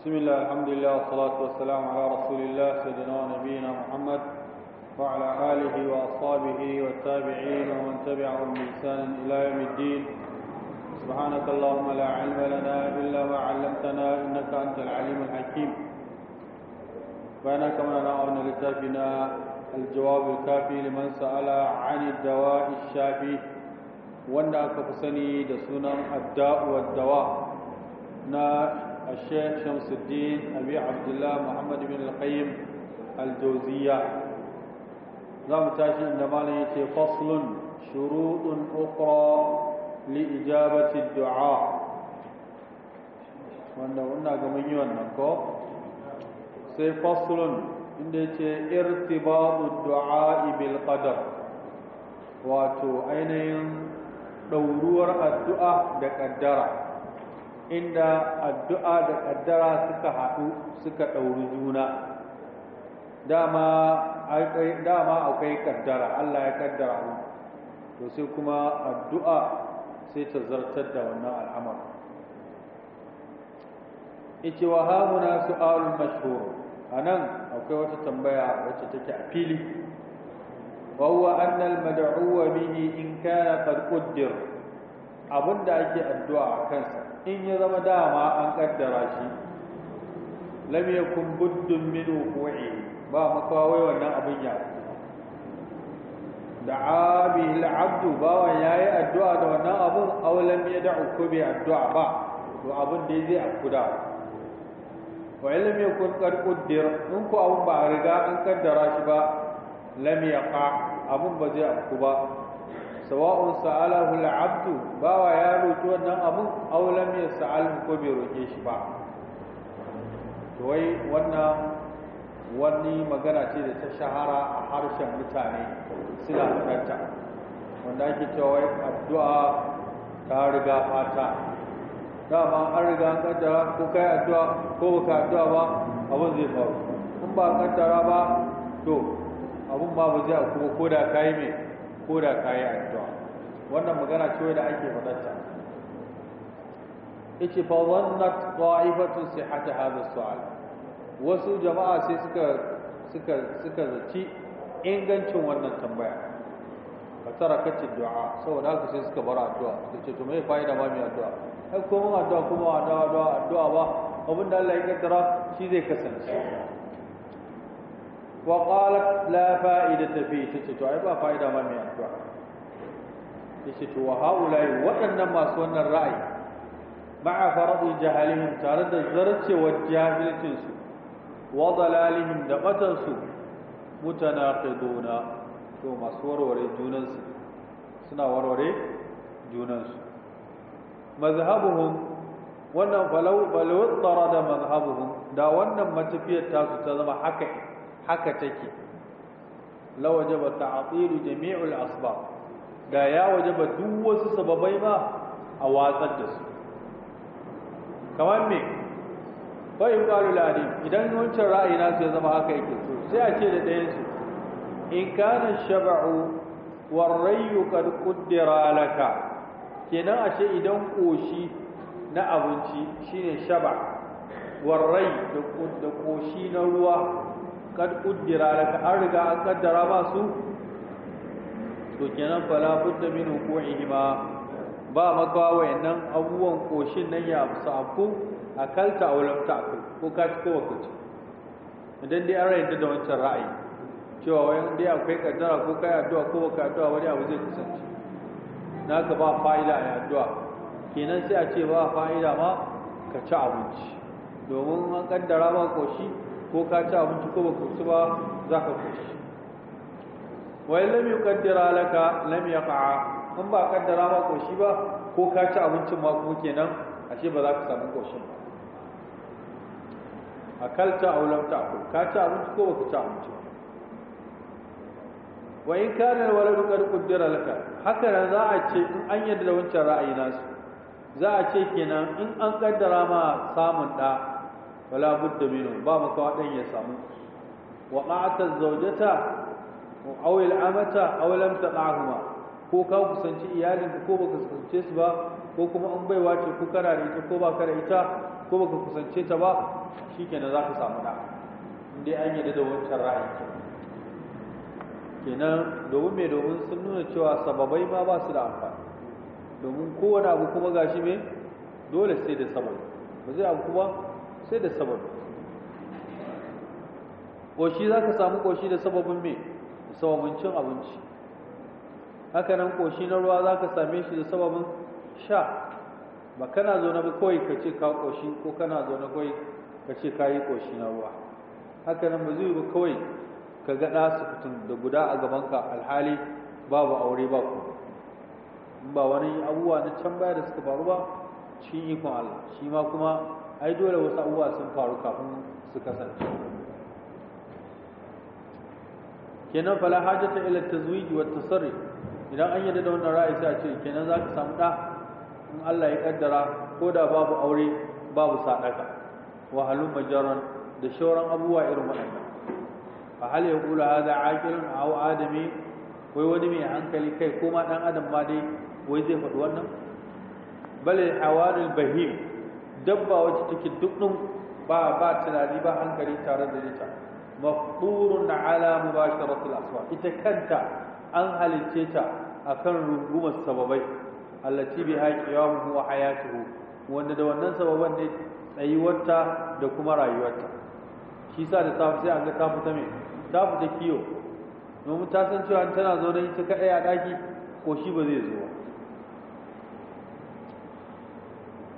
بسم الله الحمد لله والصلاة والسلام على رسول الله سيدنا ونبينا محمد وعلى آله وأصحابه والتابعين ومن تبعهم بإحسان إلى يوم الدين سبحانك اللهم لا علم لنا إلا ما علمتنا إنك أنت العليم الحكيم بينك من نعرنا لتافنا الجواب الكافي لمن سأل عن الدواء الشافي وأن أكفسني دسونا الداء والدواء na الشيخ شمس الدين أبي عبد الله محمد بن القيم الجوزية زم تاشي عندما فصل شروط أخرى لإجابة الدعاء wanda wannan ga mun yi wannan ko sai faslun inda yake du'a bil qadar wato ainihin ɗauruwar addu'a da ƙaddara. inda addu'a da ƙaddara suka haɗu suka ɗauri juna dama akwai ƙaddara Allah ya ƙaddara mu to sai kuma addu'a sai ta zartar da wannan al'amar ice wa hamuna su'alun mashhur anan akwai wata tambaya wacce take a fili وهو أن المدعو bihi in kana qad qaddar أبن ake addu'a kansa. in ya zama dama an kaddara shi lam yakun buddun min wuqu'i ba makawai wannan abin ya da'a bihi al ba wa yayi addu'a da wannan abun aw lam yad'u ku bi addu'a ba to abun da zai akuda wa lam yakun qad qaddir in ko abun ba riga an kaddara shi ba lam yaqa abun ba zai akuba ba sawa'un sa'alahu al'abdu bawa ya roki wannan abun aw lam yas'al ko bai roke shi ba to wai wannan wani magana ce da ta shahara a harshen mutane suna fadanta wanda ake cewa addu'a ta riga fata dama an riga an kaddara ko kai addu'a ko baka addu'a ba abin zai faru in ba kaddara ba to abun ba ba zai kuma ko da kai mai ko da ka yi addu'a wannan magana ce da ake fadarta yace fa wannat qa'ifatu sihhata hadha su'al wasu jama'a sai suka suka suka zaci ingancin wannan tambaya fa kace du'a saboda haka sai suka bar addu'a suka ce to me fa'ida ba mai addu'a ai ko mun addu'a kuma addu'a addu'a ba abinda Allah ya kaddara shi zai kasance wa qalat la fa'idata fi tace to ai ba fa'ida ma mai addu'a yace to wa haulai waɗannan masu wannan ra'ayi ma'a faradul jahalihim tare da zarcewar jahilcin su wa dalalihim da batan su mutanaqiduna to masu warware junansu suna warware junansu mazhabuhum wannan falaw balu da mazhabuhum da wannan matafiyar tasu ta zama haka haka take lawaje ba Jami'u jami'ul asbab da ya waje duk wasu sababai ba a watsar da su kamar me bayin qalu ladi idan wancan ra'ayi na su ya zama haka yake to sai a ce da ɗayan su in kana shab'u rayu kad quddira laka kenan ashe idan koshi na abinci shine shaba rayu da koshi na ruwa kad uddira laka an riga an kaddara ba su to kenan fala budda min hukuihima ba maka wayannan abubuwan koshin nan ya amsa afku akalta aw lam ta'kul ko ka ci ko ci idan dai an rayu da wancan ra'ayi cewa wayan dai akwai kaddara ko kai addu'a ko baka addu'a wani abu zai kasance naka ba fa'ida a addu'a kenan sai a ce ba fa'ida ma ka ci abinci domin an kaddara ba koshi ko ka ci abinci ko baka ci ba za ka kuci wai lam yuqaddira laka lam yaqa in ba kaddara ma koshi ba ko ka ci abincin ma ko kenan ashe ba za ka samu koshin ba akalta aw lam ta'kul ka ci abinci ko baka ci abinci wa in kana waladu qad qaddara laka haka nan za a ce in an yadda da wancan ra'ayi nasu za a ce kenan in an kaddara ma samun da fala budda minhu ba mu kawo dan ya samu wa qa'ata zawjata aw awil amata aw lam taqahuma ko ka kusanci iyalin ko baka kusance su ba ko kuma an baiwa ce ko kana da ita ko ba ka da ita ko baka kusance ta ba shikenan za ka samu da indai an yi da wancan ra'ayi kenan domin me domin sun nuna cewa sababai ma ba su da amfani domin kowane abu kuma gashi me dole sai da sababai ba zai abu kuma sai da sababi ƙoshi za ka samu ƙoshi da sababin me da sababin cin abinci hakanan ƙoshi na ruwa za ka same shi da sababin sha ba kana zo na kawai ka ce ka ƙoshi ko kana zo na kawai ka ce ka yi ƙoshi na ruwa hakanan ba zai ba kawai ka ga ɗasu su fitin da guda a gabanka alhali babu aure ba ku ba wani abubuwa na can baya da suka faru ba cikin ikon Allah shi ma kuma ai dole wasu abubuwa sun faru kafin su kasance kenan fala hajjata ila tazwiji wa tasarri idan an yarda da wannan ra'ayi sai a ce kenan za ka samu ɗa in Allah ya kaddara ko da babu aure babu sadaka wa halum majaran da shauran abubuwa irin waɗannan fa hal yaqulu hadha aqilun aw adami wai wani mai hankali kai ko ma dan adam ma dai wai zai faɗi wannan bal hawarul bahim dabba wacce take dukkan ba ba tunani ba hankali tare da ita mafdurun ala mubasharatil aswa ita kanta an halice ta akan rungumar sababai allati biha qiyamuhu wa hayatuhu wanda da wannan sababan ne tsayuwarta da kuma rayuwarta shi sa da safi sai an ga ta fita me ta fita kiyo domin ta san cewa tana zo da ita kadai a daki ko shi ba zai zo ba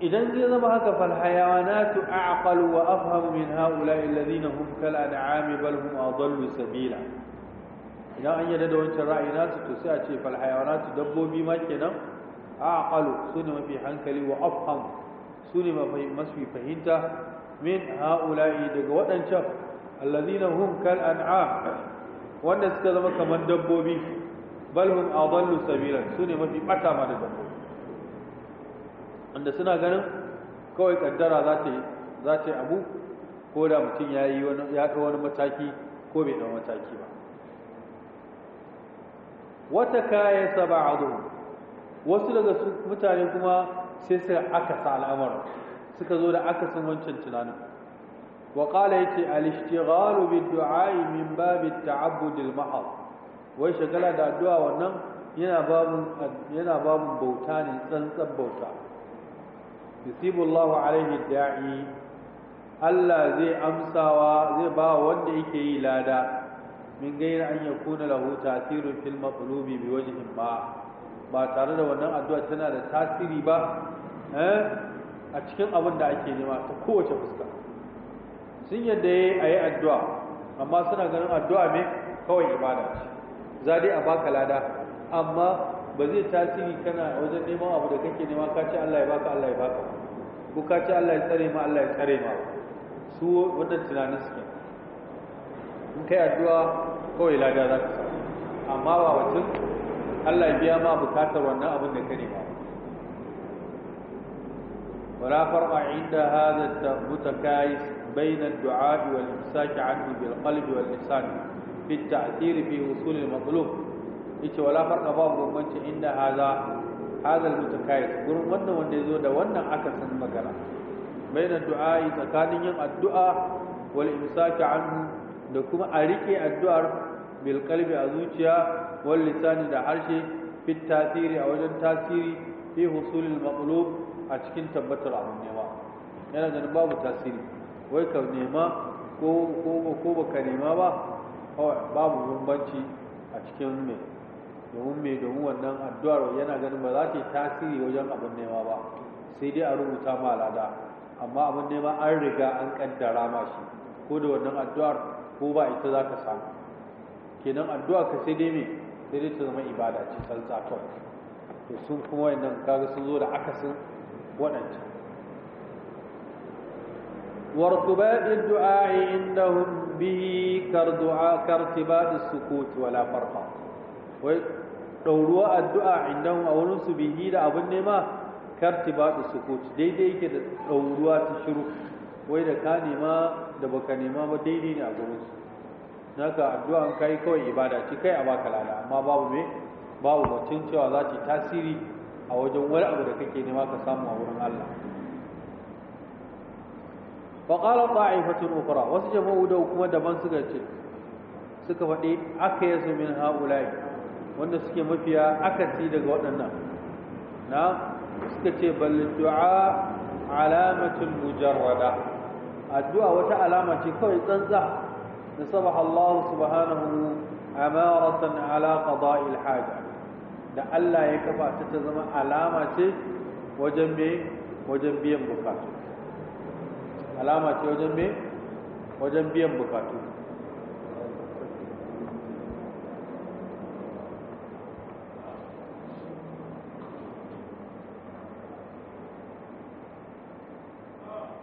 idan zai zama haka fal hayawanatu a'qalu wa afhamu min ha'ula'i alladhina hum kal an'ami bal hum adallu sabila idan an yarda da wancan ra'ayi nasu to sai a ce fal hayawanatu dabbobi ma kenan a'qalu sune mafi hankali wa afham sune mafi mafi fahimta min ha'ula'i daga waɗancan alladhina hum kal an'am wanda suka zama kamar dabbobi bal hum adallu sabila sune mafi bata ma da dabbobi wanda suna ganin kawai kaddara za ta za abu ko da mutum ya yi wani mataki ko bai ɗau mataki ba wata kayan saba adu wasu daga mutane kuma sai aka akasa alamar suka zo da akasin wancan tunanin وقال يتي الاشتغال بالدعاء من باب التعبد المحض wai shagala da addu'a wannan yana babu yana babun bauta ne tsantsan bauta yusibu Allahu alaihi da'i Allah zai amsawa zai ba wanda yake yi lada min gairi an yakuna lahu tasirun fil maqlubi bi wajhin ba ba tare da wannan addu'a tana da tasiri ba eh, a cikin abin da ake nema ta kowace fuska sun yadda ya yi addu'a amma suna ganin addu'a ne kawai ibada ce za dai a baka lada amma ba zai tasiri kana wajen neman abu da kake nema ka ce Allah ya baka Allah ya baka ko ka ce Allah ya tsare ma Allah ya tsare ma su wannan tunanin suke in kai addu'a kawai lada za ka amma ba wacin Allah ya biya ma bukatar wannan abin da ka nema ولا فرق عند هذا المتكايس بين الدعاء والإمساك عنه بالقلب واللسان في التأثير في وصول المطلوب yace wala farqa ba bambanci inda haza haza al gurin wannan wanda yazo da wannan aka san magana baina du'a'i tsakanin yin addu'a wal imsaki anhu da kuma a rike addu'ar bil qalbi a zuciya wal lisani da harshe fi tasiri a wajen tasiri fi husulil maqlub a cikin tabbatar abun nema yana da babu tasiri wai ka nema ko ko ko baka nema ba babu bambanci a cikin mai domin mai domin wannan addu'ar yana ganin ba za ta yi tasiri wajen abin nema ba sai dai a rubuta ma al'ada, amma abin nema an riga an kaddara ma shi ko da wannan addu'ar ko ba ita za ka samu kenan addu'ar ka sai dai me sai dai ta zama ibada ce tsantsa to to sun kuma wayannan kaga sun zo da akasin waɗancan وارتباط الدعاء عندهم به كارتباط السكوت ولا فرق wai ɗauruwa addu'a inda a wurin su bihi da abin nema karti ba da sukoci daidai yake da ɗauruwa ta shiru wai da ka nema da baka nema ba daidai ne a gurin su naka addu'a an kai kawai ibada ce kai a baka lada amma babu me babu mutum cewa za ta tasiri a wajen wani abu da kake nema ka samu a wurin Allah faƙalar ta'ifatun ukura wasu jama'u da kuma daban suka ce suka faɗi aka yasu min ha'ulai wanda suke mafiya akasi daga waɗannan na suka ce bal du'a alamatul mujarrada addu'a wata alama ce kawai tsantsa da saba, Allah subhanahu amaratan ala qada'il haja da Allah ya kafa ta ta zama alama ce wajen me wajen biyan bukatu alama ce wajen me wajen biyan bukatu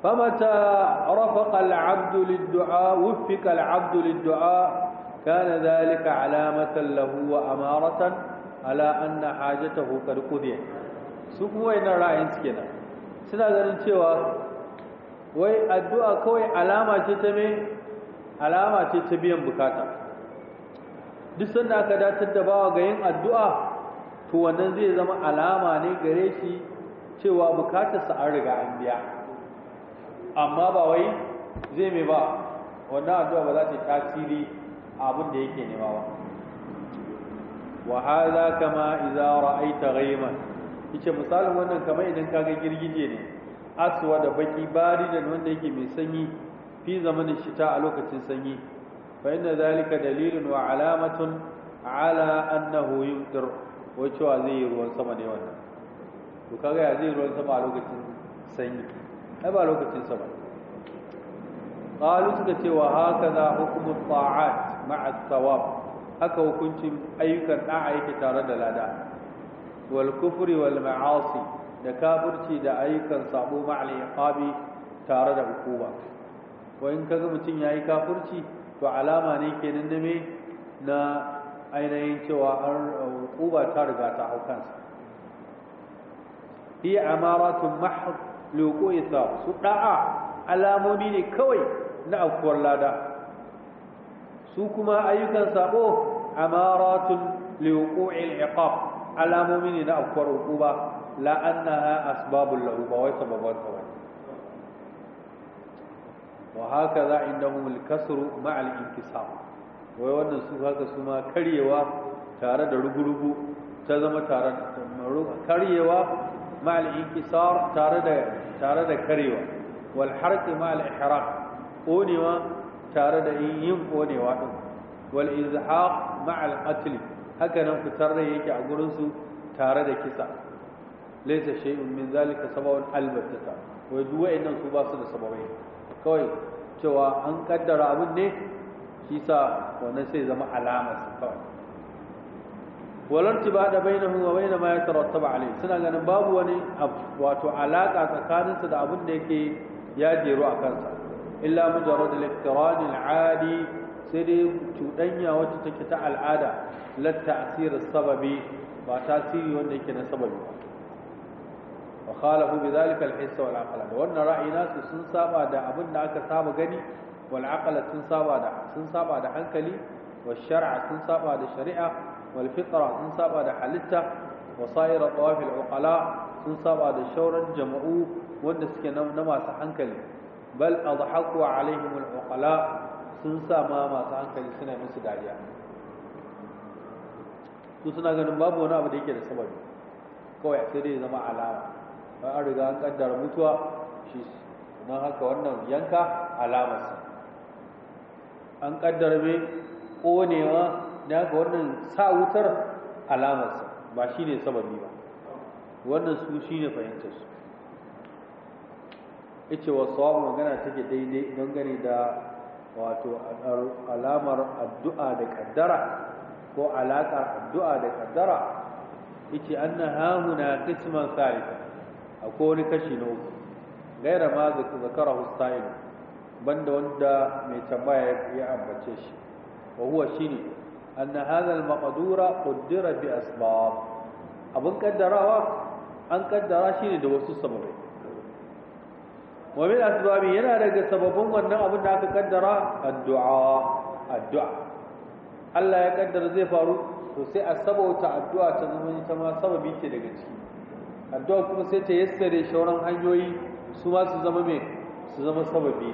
فمتى رفق العبد للدعاء وفق العبد للدعاء كان ذلك علامة له وأمارة على أن حاجته قد قضيت su kuma wayannan ra'ayin su kenan suna ganin cewa wai علامة kawai alama ce ta me alama ce ta da bawa ga yin addu'a to wannan zai zama alama ne gare shi cewa bukatarsa an riga an biya amma ba wai zai mai ba wannan addu'a ba za ta tasiri abin da yake nema ba wa hadha kama idza ra'aita ghayman yace misalin wannan kamar idan ka ga girgije ne aswa da baki bari, da wanda yake mai sanyi fi zamanin shita a lokacin sanyi fa inna zalika dalilun wa alamatun ala annahu yumtir wai zai yi ruwan sama ne wannan to kaga ya zai ruwan sama a lokacin sanyi ai ba lokacin sa ba qalu suka ce wa haka hakaza hukumar ta'at ma'a thawab haka hukuncin ayyukan ɗan yake tare da lada wal kufri wal da kafirci da ayyukan sabo ma'al iqabi tare da hukuma wa in kaga mutun yayi kafirci to alama ne kenan na na ainihin cewa an hukuba ta riga ta hau kansa hi amaratun mahd loko ya sa su da'a alamomi ne kawai na afkuwar lada su kuma ayyukan sabo loko il iqab alamomi ne na afkuwar hukuma la annaha asbabul lahu ba wai sababar kawai wa haka za a inda kasru ma'a al wai wannan su haka su ma karyewa tare da rugurugu ta zama tare da karyewa ma'a al tare da tare da karewa wal harqi ma al ihraq konewa tare da yin konewa din wal izhaq ma al qatl haka nan fitar da yake a gurin su tare da kisa laysa shay'un min zalika sababun albatta wai duk wayannan su ba su da sababai kawai cewa an kaddara abin ne kisa wannan sai zama alamar kawai walar tibada bainahu wa bain ma yatarattaba alayhi suna ganin babu wani wato alaka tsakaninsa da abin da yake ya jero a kansa illa mujarrad al-iqtiran al-adi sai dai cuɗanya wacce take ta al'ada la ta'sir sababi ba tasiri wanda yake na sababi ba wa khalafu bi dhalika al-hiss wal aql da wannan ra'ayi nasu sun saba da abin da aka saba gani wal aql sun saba da sun saba da hankali wa shar'a sun saba da shari'a wal fitra sun saba da halitta wa sa'ir tawaf al uqala sun saba da shauran jama'u wanda suke na masu hankali bal adhaku alaihim al uqala sun sa ma masu hankali suna musu dariya su suna ganin babu wani abu da yake da sababi kawai sai dai zama alama ba an riga an kaddara mutuwa shi don haka wannan yanka alamarsa an kaddara mai konewa da ga wannan sa wutar alamarsa ba shi ne sababi ba wannan su shi ne fahimtarsu ice wa sawabu magana take daidai don gani da wato alamar addu'a da kaddara ko alaƙar addu'a da kaddara ice an na hamuna kisman salisa akwai wani kashi na uku gaira ma zakara hussain banda wanda mai tambaya ya ambace shi wa huwa shine anna hadha al-maqdura qaddara bi asbab abun kaddarawa an kaddara shi ne da wasu sababai wa min yana daga sababin wannan abun da aka kaddara addu'a addu'a Allah ya kaddara zai faru to sai a sabauta addu'a ta zama ta ma ce daga ciki addu'a kuma sai ta yassare shauran hanyoyi su ma su zama mai su zama sababi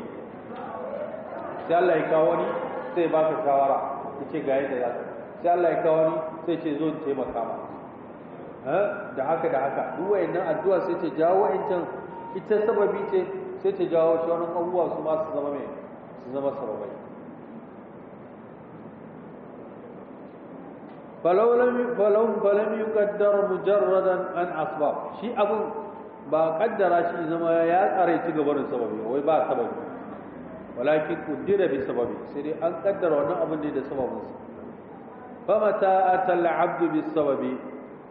sai kawo ni sai baka shawara ya ce ga yadda za ka sai Allah ya kawo ni sai ce zo taimaka ma da haka da haka duk wayannan addu'a sai ce jawo wayancan ita sababi ce sai ce jawo shauran abubuwa su ma su zama mai su zama sababai falon yi kaddar mujarradan an asbab shi abin ba kaddara shi zama ya tsare ci gabarin sababi wai ba sababi walakin kudira bi sababi sai dai an kaddara wannan abin ne da sababinsa fa mata atal abdu bi sababi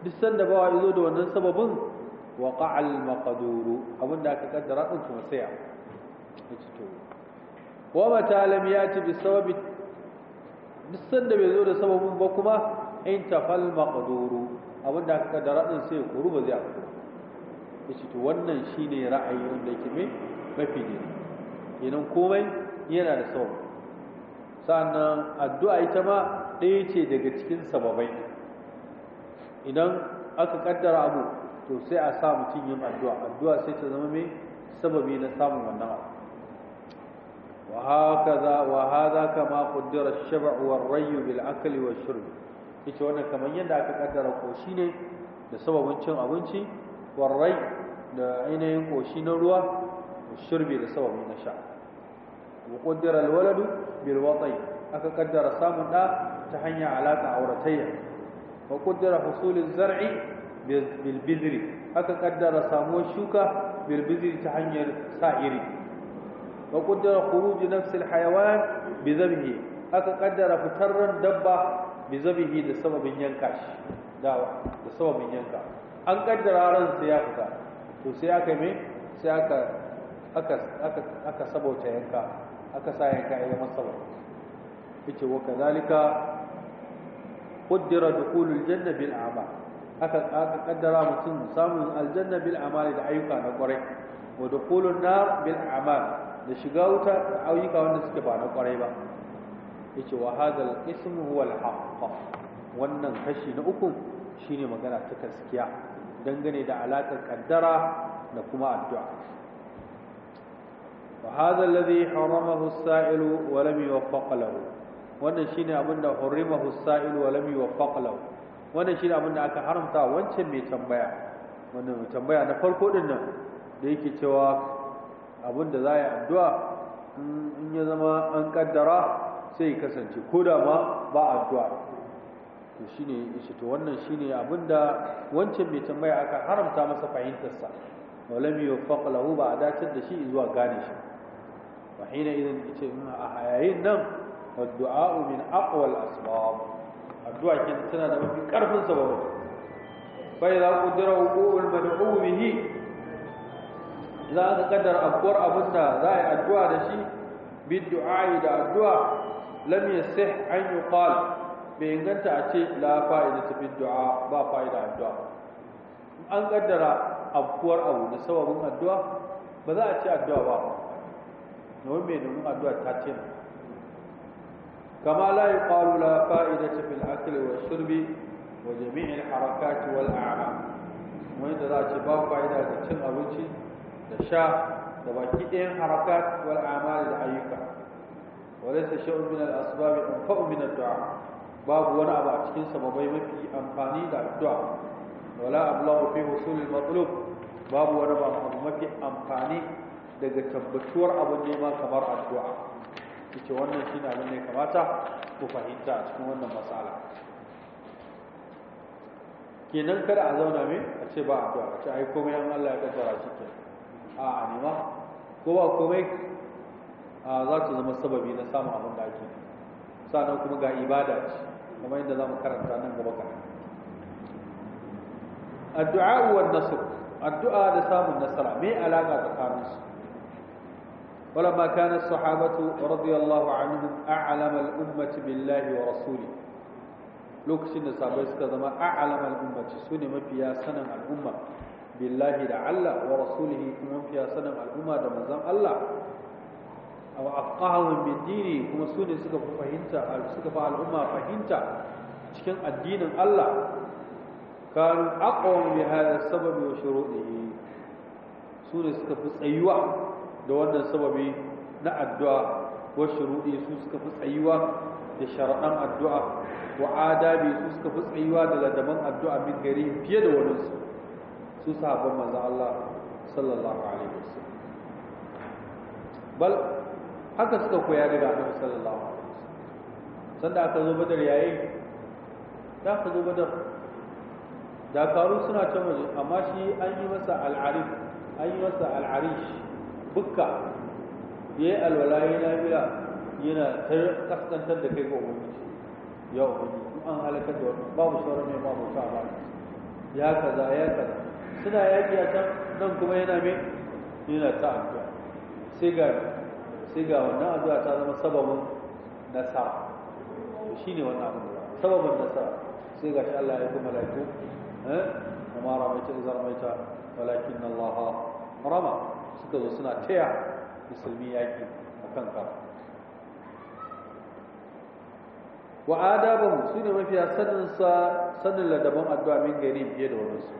duk sanda bawa izo da wannan sababin waqa al maqduru abin da aka kaddara din kuma sai ya to wa mata lam yati bi sababi duk sanda bai zo da sababin ba kuma inta fal maqduru abin da aka kaddara din sai ku kuru ba zai ya to wannan shine ra'ayi wanda yake mai mafi daidai kenan komai yana da sababi sannan addu'a ita ma ɗaya ce daga cikin sababai idan aka kaddara abu to sai a sa mutum yin addu'a addu'a sai ta zama mai sababi na samun wannan abu وهكذا وهذا كما قدر الشبع والري بالأكل والشرب ita wannan kamar yadda aka kaddara koshi ne da sababin cin abinci warrai da ainihin koshi na ruwa da shirbi da sababi na sha wa qaddara alwaladu bil aka kaddara samun da ta hanyar alaka auratayya wa qaddara husulul zar'i bil bizri aka kaddara samuwar shuka bil ta hanyar sa'iri wa qaddara khuruj nafs al hayawan bi aka kaddara fitarran dabba bi zabihi da sababin yanka dawa da sababin yanka an kaddara ran sai ya fita to sai aka me sai aka aka aka sabauta yanka aka sa yanka ya zama saurayi yace wa kadhalika qaddara dukhulul janna bil a'mal aka aka kaddara mutum samun aljanna bil a'mal da ayyuka na kwarai wa dukhulun nar bil a'mal da shiga wuta da ayyuka wanda suke ba na kwarai ba yace wa hadal ism huwa al haqq wannan kashi na uku shine magana ta gaskiya dangane da alaƙar kaddara da kuma addu'a وهذا الذي حرمه السائل ولم يوفق له wannan shine abin da hurrimahu sa'il wa lam yuwaffaq lahu wannan shine abin da aka haramta wancan mai tambaya wannan mai tambaya na farko din nan da yake cewa abin da za yi addu'a in ya zama an kaddara sai kasance ko da ma ba addu'a to shine shi to wannan shine abin da wancan mai tambaya aka haramta masa fahimtarsa wa lam yuwaffaq lahu ba a dace da shi zuwa gane shi fa hina idan yace a yayin nan wa du'a min aqwa al asbab addu'a kin tana da mafi karfin sababu fa idza qudira wuqu al mad'u bihi za ka kaddara abuwar abinda za a yi addu'a da shi bi du'a da addu'a lam yasih an yuqal bai inganta a ce la fa'ida ta du'a ba fa'ida addu'a an kaddara afkuwar abu da sababin addu'a ba za a ce addu'a ba domin mai domin addu'a ta ce kama la yuqalu la fa'idata fil akli wa shurbi wa jami'il harakati wal a'mal wani da za a ce ba fa'ida ga cin abinci da sha da baki ɗayan harakat wal a'mal da ayyuka wa laysa shay'un min al asbab anfa'u min ad babu wani abu a cikin sababai mafi amfani da addu'a wala ablahu fi husul al matlub babu wani abu mafi amfani daga tabbatuwar abin nema kamar addu'a ita wannan shi abin da ya kamata ku fahimta a cikin wannan matsala kenan kada a zauna mai a ce ba addu'a a ce ai komai an Allah ya kaddara shi ke a anima ko ba komai za ta zama sababi na samun abin da ake sannan kuma ga ibada ce kamar yadda za mu karanta nan gaba ka. addu'a wa nasr addu'a da samun nasara me alaka tsakaninsu ولما كان الصحابة رضي الله عنهم أعلم الأمة بالله ورسوله لوكسين الصحابة استخدم أعلم الأمة سنة مفيا سنة الأمة بالله لعل ورسوله كما فيها سنة الأمة دمزم الله أو أفقههم من دينه كما سنة سكف فهنتا سكف الأمة فهنتا cikin addinin Allah kanu aqwam bi hadha sabab wa shuruɗihi su ne suka fi tsayuwa da wannan sababi na addu'a wa shuruɗi su suka fi tsayuwa da sharaɗan addu'a wa adabi su suka fi tsayuwa da ladaban addu'a min gari fiye da wani su su sahabban maza Allah sallallahu alaihi sallam. bal haka suka koya daga Annabi sallallahu alaihi wasallam sanda aka zo badar yayi da aka zo badar dakaru suna ta waje amma shi an yi masa al'arif an yi masa al'arish bukka ya yi alwala ya lafiya yana ta kaskantar da kai ga ubangiji ya ubangiji an halakar da wannan babu sauran ne babu sa ba ya kaza ya kaza suna yaki a can nan kuma yana mai yana ta addu'a sai ga sai ga wannan addu'a ta zama sababin nasara shi ne wannan abin sababin nasara sai ga shi Allah ya kuma malaiku eh amma ramaita izar maita walakin Allah rama suka zo suna taya musulmi yaƙi a kan ka wa adabun su ne mafiya sanin ladaban addu'a min gari fiye da wani su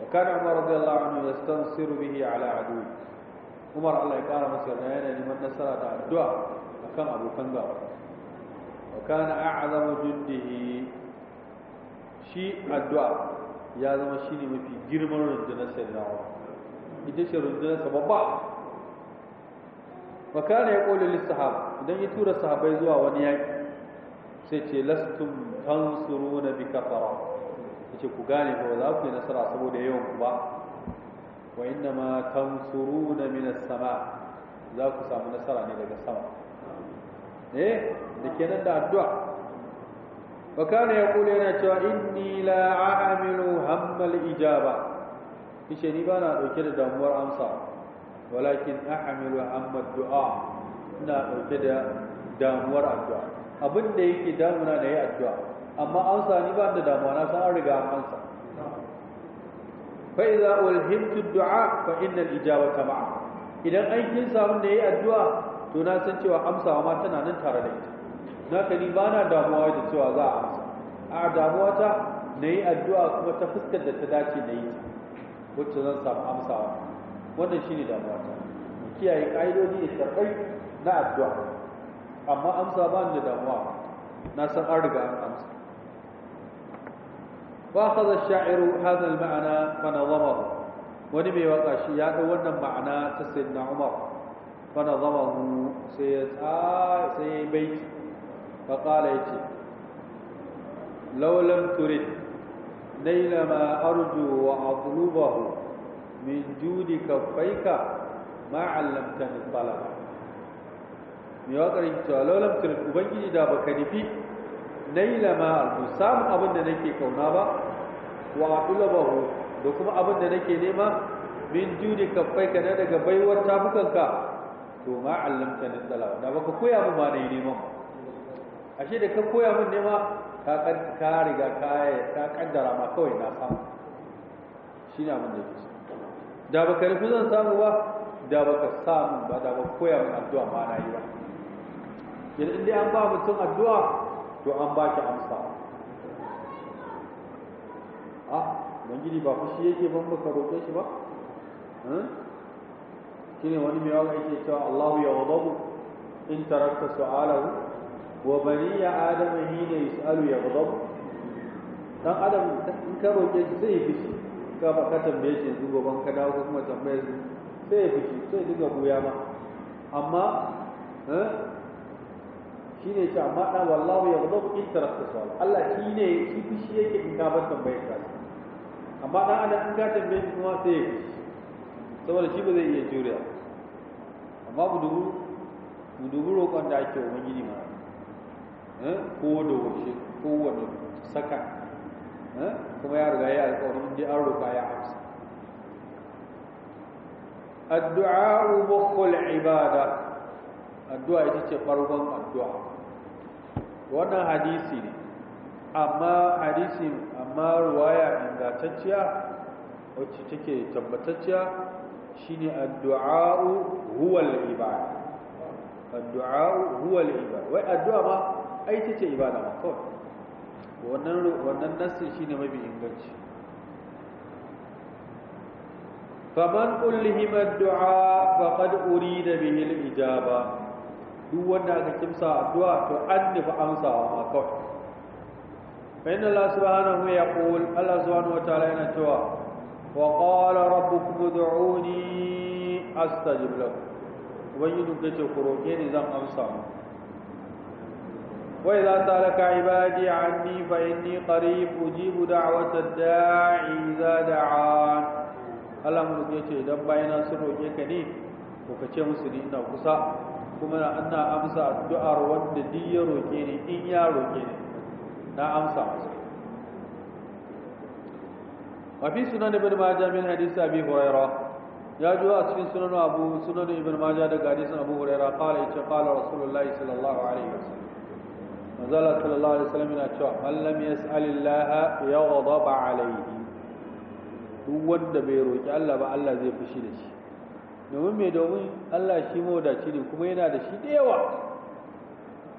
wa kana umar radiyallahu anhu yastansiru bihi ala adu umar Allah ya kara masa yarda yana neman nasara da addu'a akan abokan gaba wa kana a'zamu jiddihi shi addu'a ya zama shi ne mafi girman rundunar sayyidina Umar ita ce rundunarsa babba makana ya ƙoli lissahab idan ya tura sahabai zuwa wani yaƙi sai ce lastun tansuru na bi kafara ya ce ku gane ba za ku yi nasara saboda yawan ku ba wa inna ma tansuru na sama za ku samu nasara ne daga sama eh da kenan da addu'a وكان yana cewa inni لا أعمل هم ijaba kishe ni ba na dauke da damuwar amsa walakin na ahmilu amma du'a na dauke da damuwar addu'a abin da yake damuna na yi addu'a amma amsa ni ba da damuwa na san an riga an amsa fa idza ulhimtu du'a fa inna al-ijabata ma'a idan an kin samu da yi addu'a to na san cewa amsawa ma tana nan tare da ita na kani ba na damuwa da cewa za a amsa a damuwa ta na yi addu'a kuma ta fuskar da ta dace na yi ta wacce zan samu amsawa wannan shi ne damuwa ta mu kiyaye ƙa'idodi da sharɗai na addu'a amma amsa ba ni damuwa na san an riga an amsa واخذ الشاعر wannan ma'ana ta ونبي وقع شيئا وانا معنى تسيدنا عمر فنظمه سيد آه سيد بيت فقال يتي لو لم ترد نيل ما أرجو وأطلبه من جودك فيك ما علمتني الطلب mai waƙar yin cewa laulam tunan ubangiji da baka nufi na yi lama ku samun abin da nake kauna ba wa hu da kuma abin da nake nema min juni fai ka na daga baiwar tafukanka to ma allamta na tsalawa da baka koya min ma na yi neman ashe da ka koya mun nema ka riga ka kaddara ma kawai na samu shi ne abin da yake da ba ka rufu zan samu ba da ba ka samu ba da ba koya min addu'a ma na yi ba Yadda inda an ba mutum addu'a to an ba ki amsa a ah, gini ba fushi yake ban baka roƙe shi ba hmm? ne wani mai wawa aiki cewa Allahu ya wadabu in tarakta su'alahu wa ya adama hina yus'alu yaghdab dan adam in ka roke shi sai ya fice ka ba ka tambaye shi yanzu goban ka dawo ko kuma tambaye shi sai ya fice sai ya dinga buya ma amma eh shine ce amma da wallahu yaghdab in tarakta sala Allah shine shi fishi yake in ka bar tambaye ka amma dan adam in ka tambaye shi kuma sai ya fice saboda shi ba zai iya juriya amma budubu budubu roƙon da ake wa ubangiji ma Eh? ko da washe kowane saka eh? kuma ya riga ya alƙawarin da an roƙa ya amsa addu'a mukhul ibada addu'a ita ce farkon addu'a wannan hadisi ne amma hadisi amma ruwaya ingantacciya wacce take tabbatacciya shine addu'a huwal ibada addu'a huwal ibada wai addu'a ma ai ita ce ibada ba kawai wannan wannan nassin shine mafi inganci faman ullihima ad-du'a ba, urida bihi al-ijaba duk wanda aka kimsa addu'a to an nufi amsawa ma kawai fa Allah subhanahu yaqul Allah subhanahu wa ta'ala yana cewa wa qala rabbukum ud'uni astajib lakum ubangijin kace ku roke zan amsa Wai da asa da ka yi ba zai iya canji, fahimci, ƙarfi, fudugi, guduwa, tattalin, daɗi, zaɗi. Alamun da ya ce idan ba ya nasaror amsa a wanda ɗin ya roƙe ni, ɗin ya roƙe ni. Na amsa a wasu. Mafi sunadar Birman Jamiu na Hadiza, Abiyyahu ya jua a cikin sunadar Ibrahimajiya daga Hadizu, Abiyyahu Raira, ƙara ya ce ƙara na Rasulallah, Yusuf lallai Mazala sallallahu alaihi wasallam yana cewa man lam yas'alillah yaghdab alaihi duk wanda bai roki Allah ba Allah zai fushi da shi domin me domin Allah shi mawadaci ne kuma yana da shi da yawa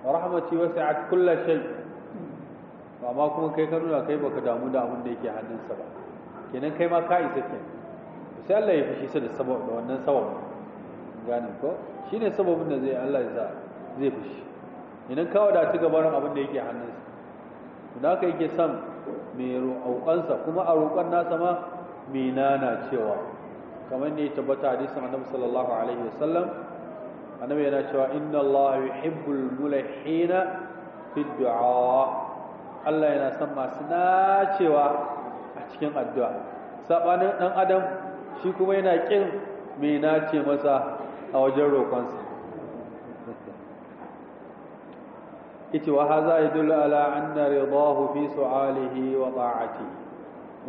rahmati wasi'at kulli shay ma kuma kai ka nuna kai baka damu da abin da yake hannunsa ba kenan kai ma ka isa kenan sai Allah ya fushi sa da sabab da wannan sabon gane ko shine sababin da zai Allah ya za zai fushi idan ka ci gabarin abin da yake hannunsa da ka yake son mai roƙonsa kuma a roƙon nasa ma mai nana cewa kamar ne tabbata hadisin annabi sallallahu alaihi wasallam annabi yana cewa inna Allah yuhibbul mulahina fi du'a Allah yana son masu nacewa a cikin addu'a sabanin ɗan adam shi kuma yana kin mai nace masa a wajen roƙonsa yace wa haza hadha yadullu ala anna ridahu fi su'alihi wa ta'atihi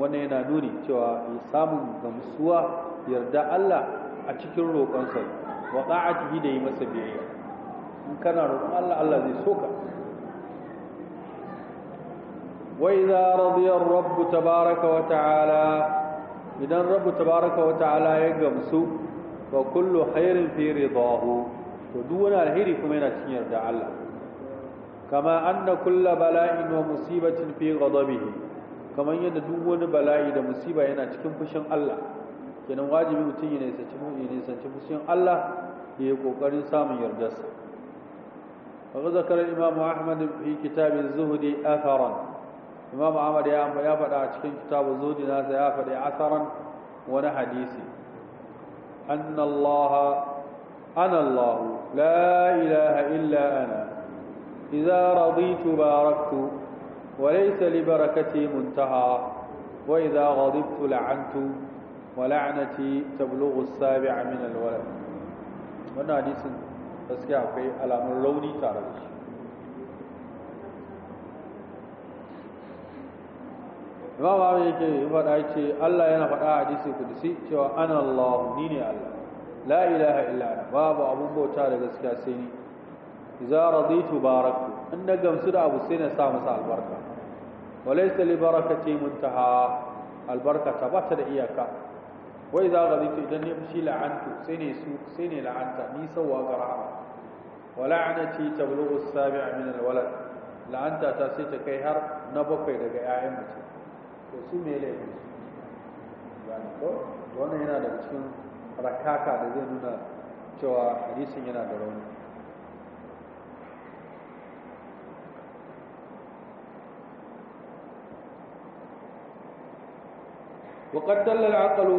wannan yana nuni cewa ya samun gamsuwa yarda Allah a cikin roƙonsa wa ta'atihi da yi masa biyayya in kana roƙon Allah Allah zai soka wa idza radiya ar-rabb tabaaraka wa ta'ala idan rabb tabaaraka wa ta'ala ya gamsu fa kullu khairin fi ridahu to duk wani alheri kuma yana cikin yarda Allah kama anna kulla bala'in wa musibatin fi ghadabihi kamar yadda duk wani bala'i da musiba yana cikin fushin Allah kenan wajibi mutum ya nisanci ya nisanci fushin Allah ya yi kokarin samun yardarsa fa zakara imamu ahmad fi kitabin zuhdi atharan imamu ahmad ya ya faɗa a cikin kitabun zuhdi nasa ya faɗi atharan wani hadisi anna Allah ana Allah la ilaha illa ana إذا رضيت باركت وليس لبركتي منتهى وإذا غضبت لعنت ولعنتي تبلغ السابع من الولد wannan hadisin gaskiya akwai alamun rauni tare da shi imam abu yake yi faɗa ce Allah yana faɗa a hadisi kudusi cewa ana Allah ni ne Allah la ilaha illa babu abun bauta da gaskiya sai ni idza raditu baraktu in na gamsu da abu sai na sa masa albarka walaysa li barakati muntaha albarka ta bata da iyaka wa idza raditu idan ne fushi la'antu sai ne su sai ne la'anta ni sawwa ga rahama wa la'anati tablughu as-sabi'a min al-walad la'anta ta sai ta kai har na bakwai daga 'ya'yan mace to su ne laifin su ko wannan yana da cikin rakaka da zai nuna cewa hadisin yana da rauni wa qad dalla al-aqlu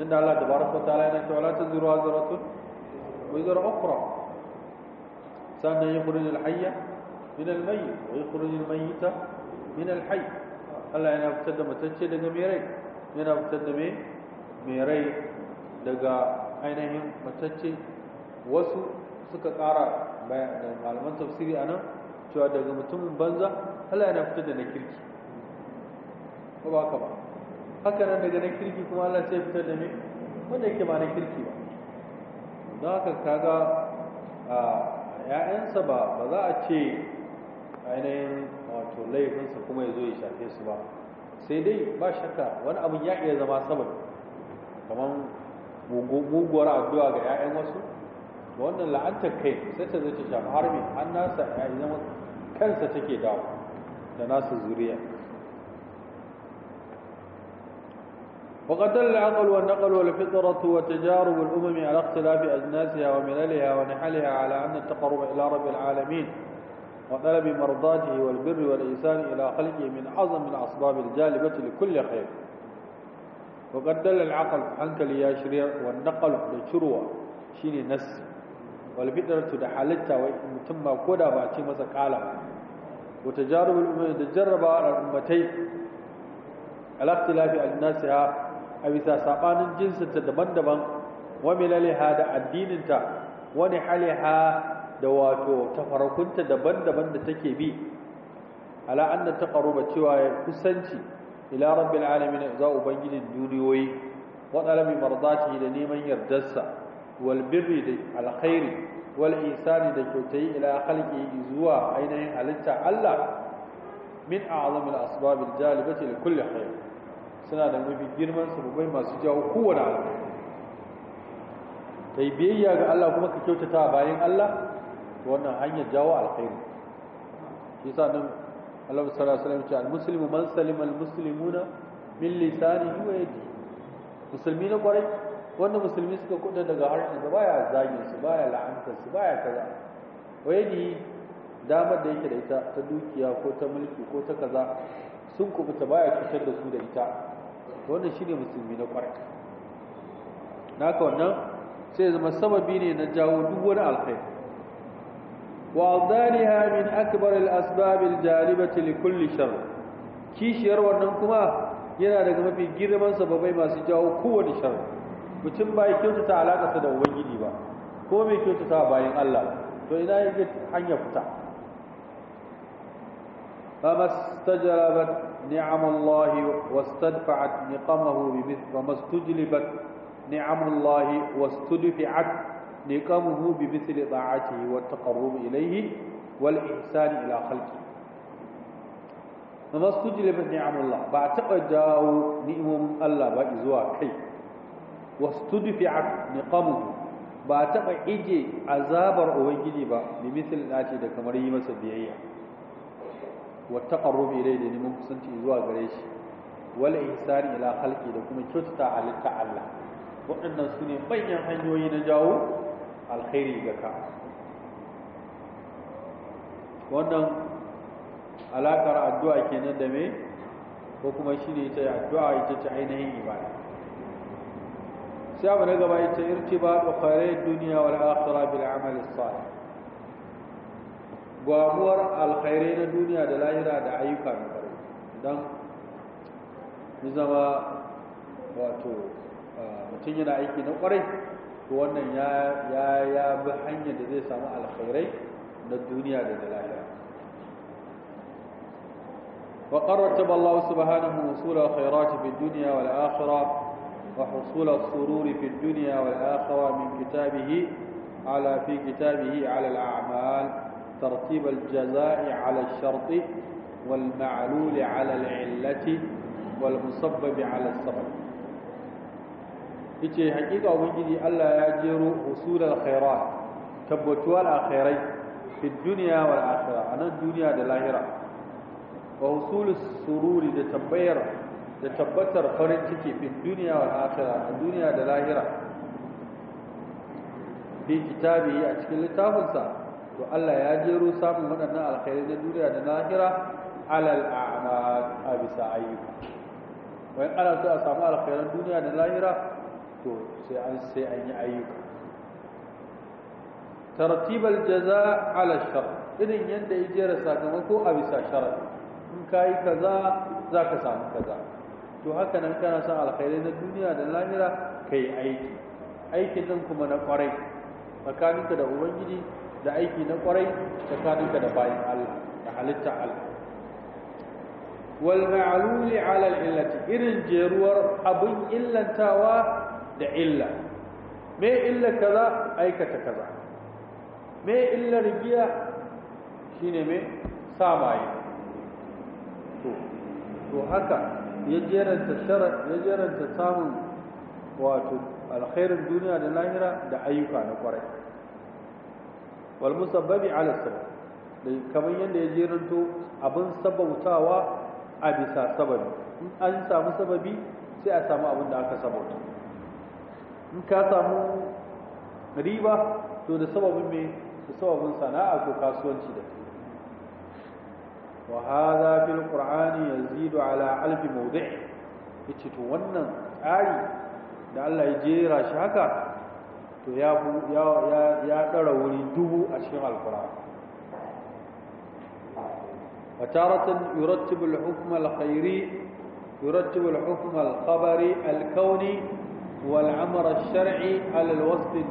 inda Allah tabaraka wa ta'ala yana cewa la taziru wazratun wa zira ukhra sannan yukhrij al-hayya min al-mayyit wa yukhrij al-mayyita min al-hayy Allah yana fitar da matacce daga mai yana fitar da mai mai daga ainihin matacce wasu suka ƙara da malaman tafsiri anan cewa daga mutumin banza Allah yana fitar da na kirki ba ba ka haka nan daga na kirki kuma Allah sai fitar da ni wanda yake ba na kirki ba za ka kaga a 'ya'yansa ba ba za a ce ainihin wato laifinsa kuma ya zo ya shafe su ba sai dai ba shakka wani abin ya iya zama saboda kamar guguwar addu'a ga 'ya'yan wasu da wannan la'antar kai sai ta zai ta shafi harbi an nasa ya zama kansa take dawo da nasa zuriya وقد دل العقل والنقل والفطرة وتجارب الأمم على اختلاف أجناسها ومللها ونحلها على أن التقرب إلى رب العالمين وطلب مرضاته والبر والإيسان إلى خلقه من أعظم الأسباب الجالبة لكل خير وقد دل العقل هنكل يا والنقل لشروع شيني نس والفطرة لحالتها ومتم كودا باتي مسك عالم وتجارب الأمم تجرب على الأمتين على اختلاف أجناسها a bisa saɓanin jinsinta daban-daban wa milaliha da addininta wani haliha da wato tafarkunta daban-daban da take bi ala ta taqarruba cewa ya kusanci ila rabbil alamin za ubangijin duniyoyi wa talabi mardatihi da neman yardarsa wal birri da alkhairi wal ihsani da kyautai ila khalqi zuwa ainihin halitta Allah min a'zamil asbabil jalibati li kulli khair suna da mafi girman sababai masu jawo kowane abu kai biyayya ga Allah kuma ka kyautata bayan Allah to wannan hanyar jawo alkhairi shi yasa nan Allah sallallahu alaihi wasallam ya ce al-muslimu man salima al-muslimuna min lisanihi wa yadihi musulmi na kwarai wanda musulmi suka kudda daga harshen da baya zagin su baya la'antar su baya kaza wa yadihi damar da yake da ita ta dukiya ko ta mulki ko ta kaza sun kubuta baya cutar da su da ita wannan shi ne musulmi na ƙwarai na ka wannan sai zama sababi ne na jawo duk wani alkhai. wa hamin min akbar al-asbab al shar kishiyar wannan kuma yana daga mafi girman sababai masu jawo kowane shar mutum kyauta kyautata alaƙasa da ubangiji ba ko mai kyautata bayan Allah to ina yake hanyar fita ta jarabar. نعم الله واستدفعت نقمه بمثل وما استجلبت نعم الله واستدفعت نقمه بمثل طاعته والتقرب إليه والإحسان إلى خلقه وما استجلبت نعم الله بعتقد جاءوا نعم الله بإزواء كي واستدفعت نقمه بعتقد إجي عذاب رؤوه جديبا بمثل الآتي دكمري مسبيعيه wa taqarrub ilayhi da neman kusanci zuwa gare shi wal ihsan ila khalqi da kuma kyautata waɗannan su ne manyan hanyoyi na jawo alkhairi ga ka wannan alaƙar addu'a kenan da me ko kuma shi ne ita addu'a ita ce ainihin ibada sai abu na gaba ita irtibat wa kare duniya wal akhirah bil amal salih gwamuwar alkhairai na duniya da lahira da ayyuka na kare don yi zama wato mutum yana aiki na kwarai to wannan ya ya bi hanyar da zai samu alkhairai na duniya da da lahira وقد رتب الله سبحانه وصول الخيرات في الدنيا والآخرة وحصول السرور في الدنيا والآخرة من كتابه على في كتابه على الأعمال ترتيب الجزاء على الشرط والمعلول على العلة والمسبب على السبب yace hakika ubangiji Allah ya jero usulul khairat tabbatuwar akhirai fi dunya wal akhirah anan duniya da lahira wa usulus sururi da tabbatar farin ciki fi dunya wal a duniya da lahira fi kitabi a cikin littafinsa to Allah ya jero samun waɗannan alkhairai na duniya da lahira alal a'mal a bisa ayyuka wai ana so a samu alkhairan duniya da lahira to sai an sai an yi ayyuka tartibal jaza ala shar irin yanda ya jera sakamako a bisa sharar in kai kaza za ka samu kaza to haka nan kana son alkhairai na duniya da lahira kai aiki aikin nan kuma na kwarai tsakaninka da ubangiji da aiki na kwarai tsakaninka da bayan Allah da halitta Allah wal ma'luli ala al illati irin jeruwar abun illantawa da illa me illa kaza aikata kaza me illa rigiya shine me samaye to to haka ya jeranta shara ya jeranta samun wato alkhairin duniya da lahira da ayyuka na kwarai wal musabbabi ala sabab kamar yadda ya jeranto abin sabautawa a bisa sababi in an samu sababi sai a samu abin da aka sabauta in ka samu riba to da sababin me da sababin sana'a ko kasuwanci da wa hadha fil qur'ani yazidu ala alfi mawdi'i yace to wannan tsari da Allah ya jera shi haka to ya ya tsara wuri dubu a cikin alfura a taratin yurattibul hukumar khairi yurattibul hukumar kabari alkauni wal'amara shari'i alalwastin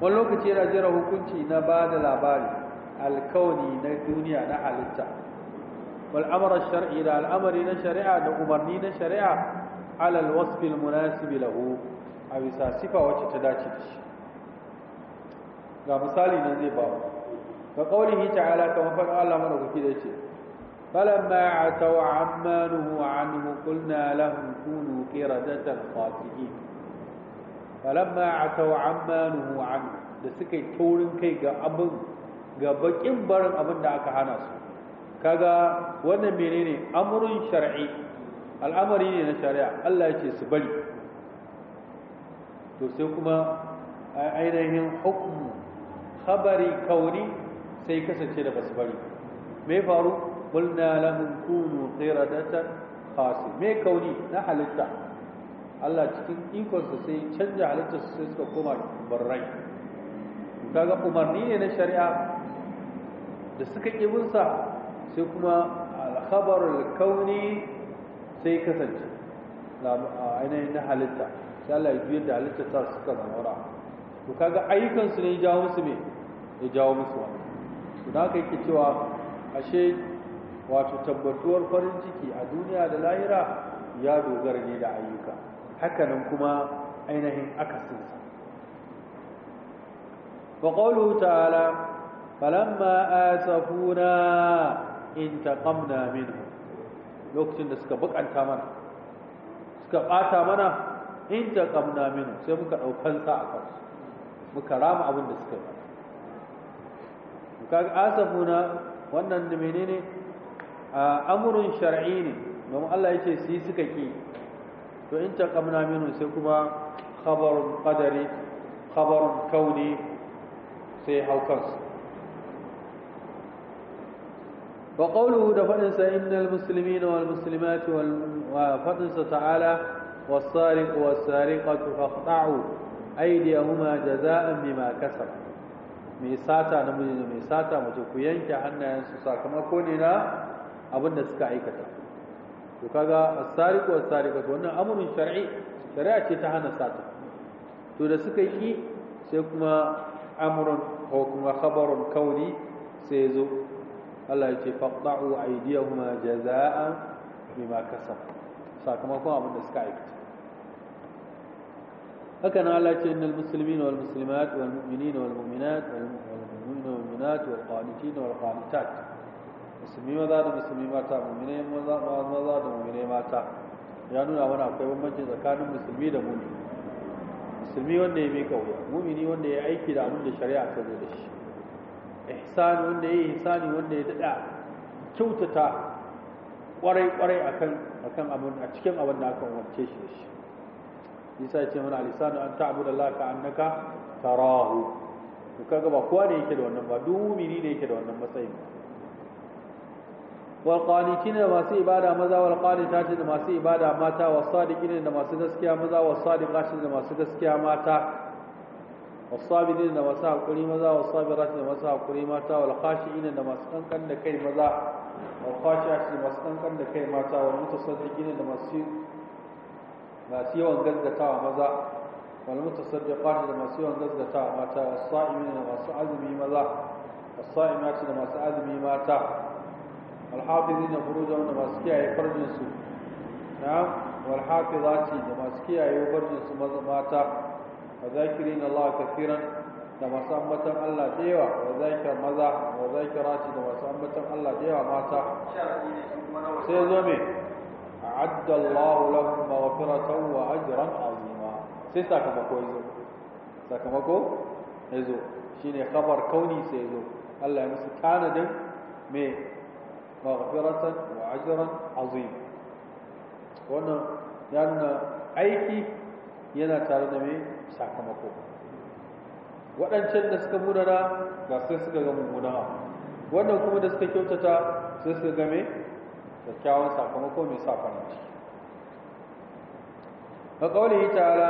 wani lokaci yana jira hukunci na ba da labari alkauni na duniya na halitta wal'amara shari'i da al'amari na shari'a da umarni na shari'a alalwastin nuna sibirau a bisa sifa wacce ta dace da shi ga misali nan zai ba ka qaulihi ta'ala kamar fa Allah mana kuke da yace falamma ataw amma nuhu anhu qulna lahum kunu qiradatan qati'in falamma ataw amma nuhu anhu da suka yi taurin kai ga abin ga bakin barin abin da aka hana su kaga wannan menene amrun shar'i al'amari ne na shari'a Allah ya ce su bari to sai kuma ainihin hukumu khabari kauni sai kasance da basu bari mai faru qulna lahum kunu qiradatan khasi mai kauni na halitta Allah cikin ikonsa sai canja halitta su sai suka koma barrai kaga umarni ne na shari'a da suka ƙi sai kuma al-khabarul kauni sai kasance ainihin na halitta sai Allah ya da halittar ta suka zamora to kaga ayyukan su ne ya jawo musu me ya jawo musu wa to da haka yake cewa ashe wato tabbatuwar farin ciki a duniya da lahira ya dogara ne da ayyuka hakanan kuma ainihin akasinsa wa qawluhu ta'ala falamma asafuna intaqamna minhum lokacin da suka bukanta mana suka bata mana inta kamna minu sai muka ɗaukan sa a kansu muka rama abin da suka yi kaga asafuna wannan da menene amurin shar'i ne domin Allah ya ce su yi suka ki to in kamna minhu sai kuma khabarun qadari khabarun kauni sai haukansu وقوله ده فنسى إن المسلمين والمسلمات sa تعالى والسارق والسارقة فاقطعوا أيديهما جزاء بما كسب mai sata na da mai sata mace ku yanke hannayensu sakamako ne na abin da suka aikata to kaga as-sariqu was-sariqatu wannan amrun shar'i shari'a ce ta hana sata to da suka yi sai kuma amrun ko kuma khabarun kauni sai zo Allah ya ce faqta'u aydiyahuma jazaa'an bima kasab sakamakon abin da suka aikata haka Allah ce innal muslimina wal muslimat wal mu'minina wal mu'minat wal mu'minina wal mu'minat wal qanitina wal qanitat musulmi maza da musulmi mata mu'minai maza maza da mu'minai mata ya nuna wani akwai bambanci tsakanin musulmi da mu'mini musulmi wanda ya mika wuya mu'mini wanda ya aiki da abin da shari'a ta zo da shi ihsani wanda ya yi ihsani wanda ya dada kyautata kwarai kwarai akan akan abin a cikin abin da aka umarce shi da shi yasa ya ce mana alisanu an ta'budu Allah ka annaka tarahu to kaga ba kowa ne yake da wannan ba duk mumini ne yake da wannan matsayin wal qanitina da masu ibada maza wal qanitati da masu ibada mata was sadiqina da masu gaskiya maza was sadiqatin da masu gaskiya mata sabirina da masu haƙuri maza wasabirat da masu haƙuri mata wal khashi'ina da masu kankan da kai maza wal khashi'ati da masu kankan da kai mata wal mutasaddiqina da masu masu yawan gaggatawa maza wal mutasaddiqat da masu yawan gaggatawa mata as-sa'imin da masu azumi maza as da masu azumi mata al-hafizin da furujan da masu kiyaye farjinsu na na'am wal hafizati da masu kiyaye farjinsu su maza mata wa na Allah kafiran da masu ambatan Allah da yawa wa zakir maza wa zakirati da masu ambatan Allah da yawa mata sai zo a'adda Allah lahum maghfiratan wa ajran azima sai sakamako yazo sakamako yazo shine khabar kauni sai yazo Allah ya musu tanadin me maghfiratan wa ajran azim wannan yana aiki yana tare da me sakamako waɗancan da suka munana ga sai suka ga mummuna wannan kuma da suka kyautata sai suka ga me kyakkyawan sakamako mai sa farin ciki wa qawlihi ta'ala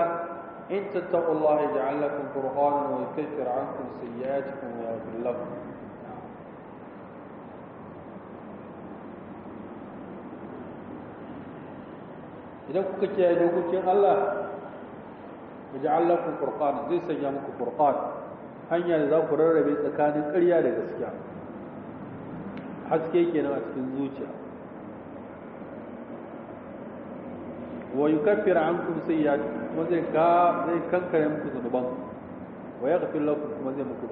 in tattaqullaha mai lakum furqanan wa ya ya sayyi'atikum ya fi lafi idan kuka kiyaye dokokin Allah yaj'al lafin furqanan zai sanya muku furqan hanya da za ku rarrabe tsakanin ƙarya da gaskiya haske kenan a cikin zuciya wa yukaffir ankum sayyi'atikum kuma zai ga zai kankare muku zunuban wa yaghfir lakum kuma zai muku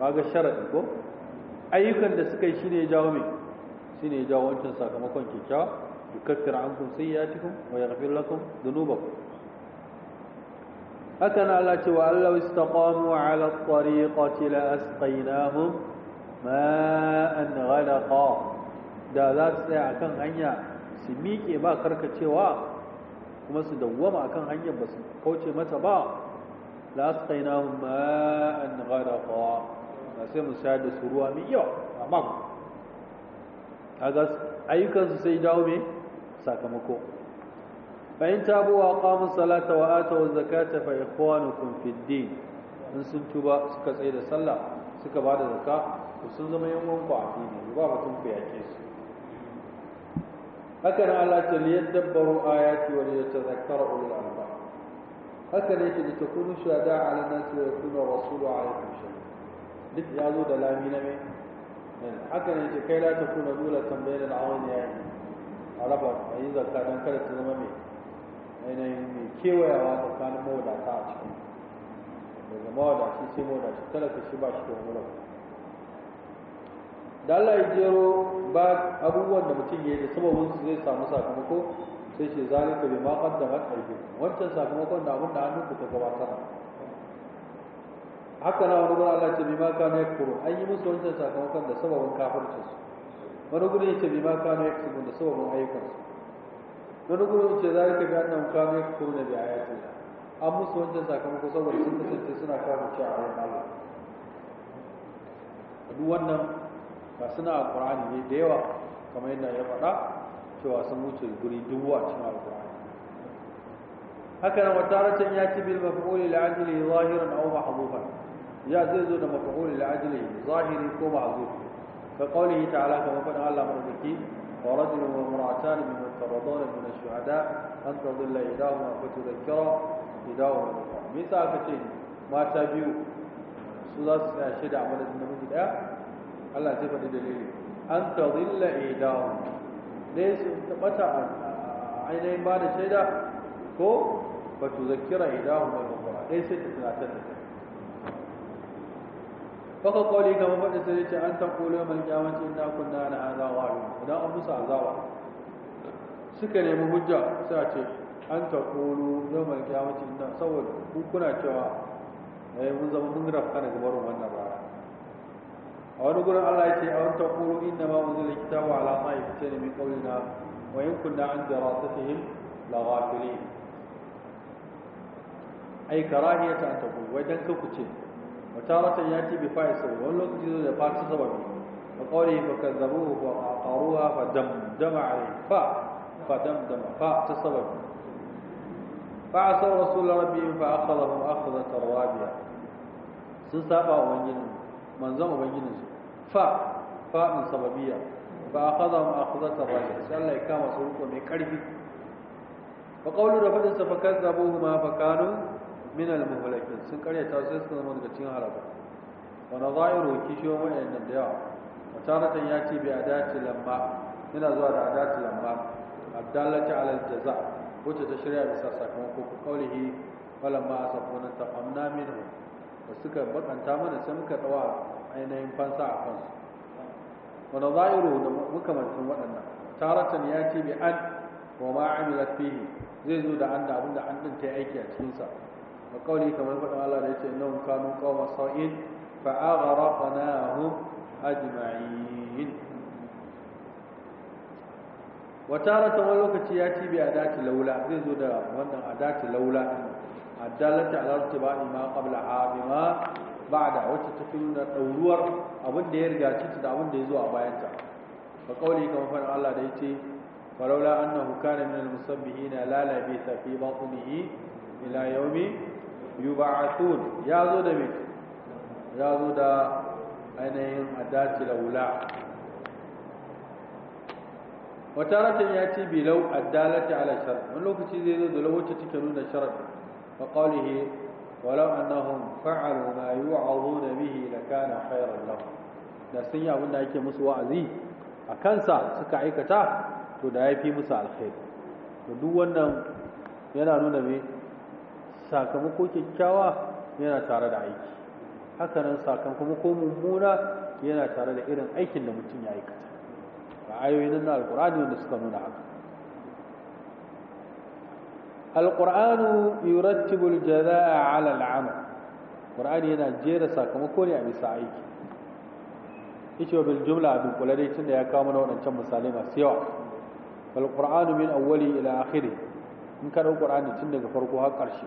ba ga sharadi ko ayyukan da suka yi shine ya jawo me shine ya jawo wancan sakamakon kyakkyawa yukaffir ankum sayyi'atikum wa yaghfir lakum dhunubakum haka na Allah cewa Allah istaqamu ala tariqati la asqaynahum ma'an ghalaqa da za su tsaya akan hanya su miƙe ba karkacewa kuma su dawwama akan hanyar ba su kauce mata ba la su kai an gharaqa ba sai mu shayar da ruwa mai yawa amma kaga ayyukansu sai dawo me sakamako bayan tabu wa qamu salata wa atu zakata fa ikhwanukum fid din in sun tuba suka tsaye da sallah suka bada zakka to sun zama yan wanku a dini ba mutum ku yake su haka na Allah ce ne yadabbaru ayati ce yatadhakkaru ulul albab haka ne ke da takunu shuhada ya nas wasu da a alaikum shi duk ya zo da lami na mai haka ne ce kai la kuna dole tambayar awon ya yi a raba a yi zakka don kada ta zama mai ainihin mai kewayawa tsakanin mawadata a cikin daga mawadaci sai mawadaci talaka shi ba shi da wani rabu da Allah ya jero ba abubuwan da mutum ya yi da sababin su zai samu sakamako sai ce zalika bi ma qaddamat aydikum wancan sakamakon da abin da hannunku ta gabatar haka na wani gurin Allah ce bi ma kana yakfuru an yi musu wancan sakamakon da sababin kafircin su wani gurin ce bi ma kana yakfuru da sababin ayyukan su wani gurin yace zalika bi annahum kana biya bi ayatina an musu wancan sakamako saboda sun kasance suna kafirci a ayoyin Allah duk wannan ga suna alkur'ani ne da yawa kamar yadda ya faɗa cewa sun wuce guri dubu a cikin alkur'ani haka nan wataratan ya ci bil maf'ul li ajli zahiran aw mahdhufan ya zai zo da maf'ul li ajli zahiri ko mahdhuf fa qawlihi ta'ala kamar fa Allah madaukaki wa rajulun wa min al taradana min ash-shuhada an tadilla idahuma fa tudhakkara idahuma me yasa aka ce mata biyu su za su tsaya shida a madadin namiji daya Allah sai faɗi dalili an tadilla idahu dai su tabbata ainihin ba da shaida ko ba tu zakira idahu ba ba dai sai ta tunatar da kai baka kawai kamar faɗi sai ce an taƙolo mai kyamaci na kunna na azawa idan an musa azawa suka nemi hujja sai a ce an taƙolo mai kyamaci na, saboda kuna cewa eh, mun zama mun rafa na barin wannan rana a wani gurin Allah ya ce a wani taqulu inna ma unzila kitabu ala ta'ifatin min qawlina wa wayan kunna an dirasatihim la ghafilin ai ta an taqulu wai dan kanku ce wa taratan yati bi sau wani lokaci zo da a sababi fa qawlihi fa kazzabuhu fa aqaruha fa damdama alayhi fa fa damdama fa ta kala فعصوا رسول ربهم فأخذهم أخذة رابية سنسابا وانجنهم manzon ubangiji su fa fa in sababiyya fa akhadha ma akhadha rabi sai Allah masu kama su ruko mai karfi fa qawlu da fadin sa fa ma fa kanu min al muhlikin sun karyata sai su zama daga cikin halaka wa nadairu kishiyo wa'annan da yawa wa taratan ya ce bi adati lamma Ina zuwa da adati lamma abdallati ala al jaza wacce ta shirya bisa sakamakon ko qawlihi falamma asafuna taqamna minhu da suka bakanta mana sai muka dawa ainihin fansa a kansu wanda za'iru da makamantin waɗannan taratan ya ce bi an wa ma an lafihi zai zo da an da abin da an din ta aiki a cikinsa. sa wa kamar faɗin Allah da yace innahum kanu qawma sa'in fa aghraqnahum ajma'in wa taratan wani lokaci ya ce bi dati laula zai zo da wannan a dati laula addalata ala tibai ma qabla abima ba'da wacce ta fi nuna ɗauruwar abin da ya riga ciki da abin da ya zo a bayanta ba kauli kamar fara Allah da yace falaula annahu kana min al-musabbihin la la bi fi batnihi ila yawmi yub'athun ya zo da me ya zo da ainihin adati laula wata ratin ya ce bilau addalata ala shar wani lokaci zai zo da lokaci take nuna sharadi كقوله ولو أنهم فعلوا ما يوعظون به لكان خيرا لهم da sun yi abin da ake musu wa'azi a kansa suka aikata to da ya fi musu alkhairi to duk wannan yana nuna me sakamako kyakkyawa yana tare da aiki hakanan sakamako mummuna yana tare da irin aikin da mutum ya aikata ga ayoyin na alkurani wanda suka nuna haka alƙur'anu yurattibul yana jera sakamako ne a bisa aiki yace wa bil jumla abin kula dai tunda ya kawo mana waɗancan misalai masu yawa min awwali ila akhiri in ka dauki tun daga farko har ƙarshe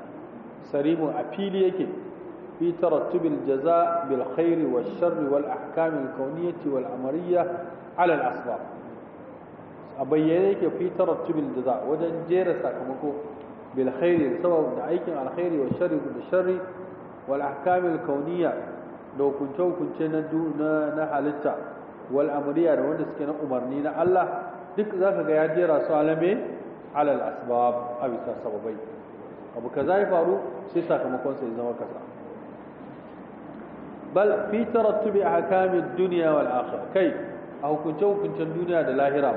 sarimu a fili yake fi tarattubil jaza bil khairi wash sharri wal ahkam al kawniyati wal amariyya ala al asbab a bayyane yake fi tarattubil jaza wajen jera sakamako bil khairi da aikin alkhairi wa sharri da sharri wal ahkamil da hukunce hukunce na halitta wal amriya da wanda suke na umarni na Allah duk zaka ga ya jera su alame alal asbab abi sababai abu kaza ya faru sai sakamakon sai zama kaza bal fi tarattubi ahkamid dunya wal akhirah kai a hukunce hukuncen duniya da lahira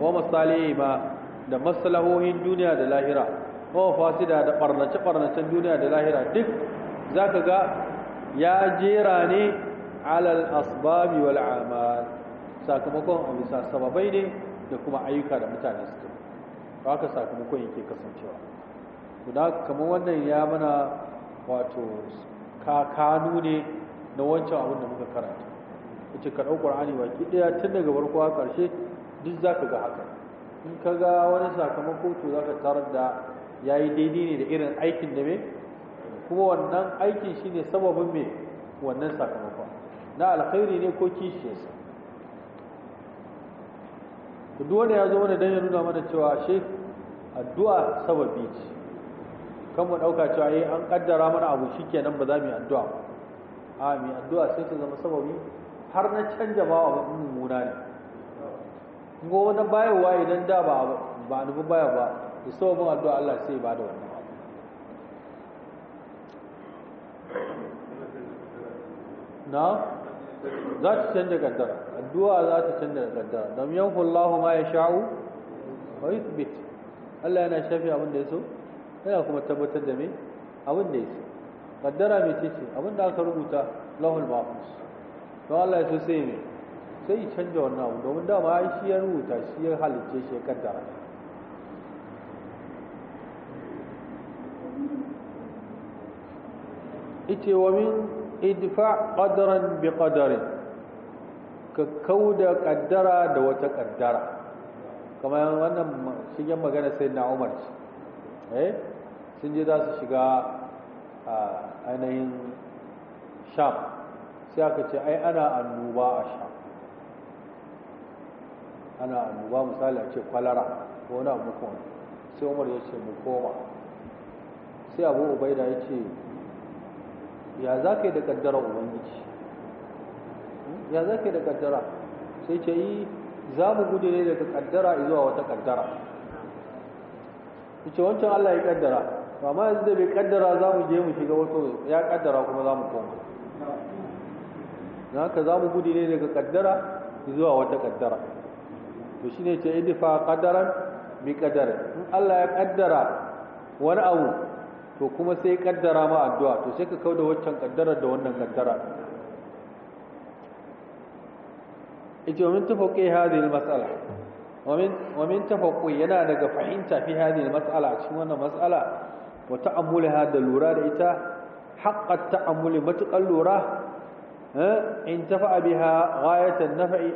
wa masalihima da maslahohin duniya da lahira wa fasida da barnace barnacen duniya da lahira duk zaka ga ya jera ne alal asbabi wal amal sakamakon abisa sababai ne da kuma ayyuka da mutane suke haka sakamakon yake kasancewa to da kamar wannan ya mana wato kakanu ne na wancan abin da muka karanta wace ka ɗaukar ba ki ɗaya tun daga farko a ƙarshe duk za ka ga haka in ka ga wani sakamako to za ka tarar da ya yi daidai ne da irin aikin da me kuma wannan aikin shi ne sababin me wannan sakamakon na alkhairi ne ko kishiyarsa duk wanda ya zo mana don ya nuna mana cewa shi addu'a sababi ce kan mu ɗauka cewa yi eh, an ƙaddara mana abu kenan ba za mu yi addu'a ba a mai addu'a sai ta zama sababi har na canja ma wa mummuna ne kuma wani bayarwa idan da ba ba nufi baya ba ya so mun addu'a Allah sai ba da wannan na za ta canja gaddara addu'a za ta canja gaddara don yan Allahu ma ya sha'u wa bit, Allah yana shafi abin da ya so yana kuma tabbatar da me abin da ya so gaddara mai ce abin da aka rubuta lahul mahfuz to Allah ya so sai ne sai canja wannan abu domin dama shi ya rubuta shi ya halicce shi ya kaddara ita wa min idfa qadaran bi qadarin ka kauda kaddara da wata kaddara kamar wannan shigen magana sai na Umar ce eh sun je za su shiga a ainihin Sham sai aka ce ai ana annuba a Sham ana annuba misali a ce kwalara ko wani abu kuma sai Umar ya ce mu koma sai Abu Ubaida ya ce ya za ka yi da kaddara ubangiji ya za ka yi da kaddara sai ce yi za mu gudu ne daga kaddara zuwa wata kaddara ce wancan Allah ya kaddara amma yanzu da bai kaddara za mu je mu shiga wato ya kaddara kuma za mu koma za ka za mu gudu ne daga kaddara zuwa wata kaddara to shi ne ce idifa kaddaran bi kaddara in Allah ya kaddara wani abu to kuma sai kaddara ma addu'a to sai ka kau da waccan kaddara da wannan kaddara ita wamin tafaqi hadhihi al-mas'ala wa min tafaqi yana daga fahimta fi hadin al-mas'ala cikin wannan mas'ala wa ta'ammulaha da lura da ita haqqat ta'ammuli matuƙar lura eh, in tafa'a biha ghayatan naf'i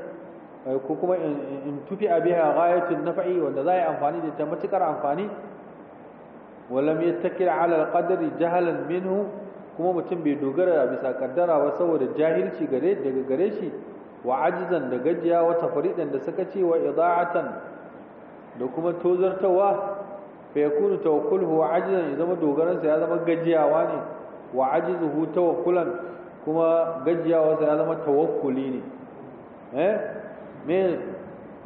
eh, ko kuma in tufi biha ghayatan naf'i wanda za yi amfani da ita matuƙar amfani walam yattakil ala alqadari jahalan minhu kuma mutum bai dogara bisa kaddara ba saboda jahilci gare daga gare shi wa ajizan da gajiya wa tafridan da suka ce wa ida'atan da kuma tozartawa fa yakunu tawakkuluhu wa ajizan ya zama sa ya zama gajiyawa ne wa ajizuhu tawakkulan kuma gajiyawarsa ya zama tawakkuli ne eh me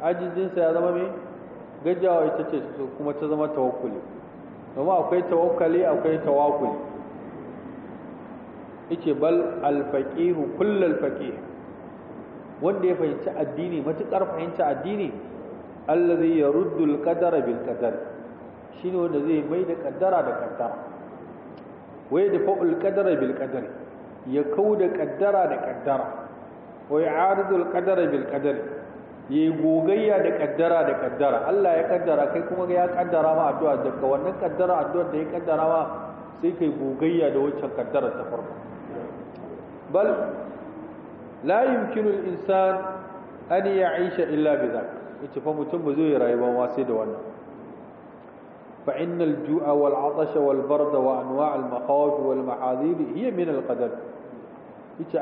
sa ya zama me gajiyawa ita ce kuma ta zama tawakkuli domin akwai tawakkali akwai tawakuli yace bal alfaqihu kullal faqih wanda ya fahimci addini matukar fahimci addini allazi yaruddu alqadara bil qadar shine wanda zai mai da kaddara da kaddara wai da fa'ul qadara bil qadar ya kauda kaddara da kaddara wai aridu alqadara bil qadar yi gogayya da kaddara da kaddara Allah ya kaddara kai kuma ya kaddara ma addu'a daga wannan kaddara addu'a da ya kaddara ma sai kai gogayya da waccan kaddara ta farko bal la yumkinu al-insan an ya'isha illa bi dhalik yace fa mutum ba zai rayuwa ma sai da wannan fa innal ju'a wal 'atasha wal barda wa anwa' al makhawif wal ma'adhib hiya min al qadar yace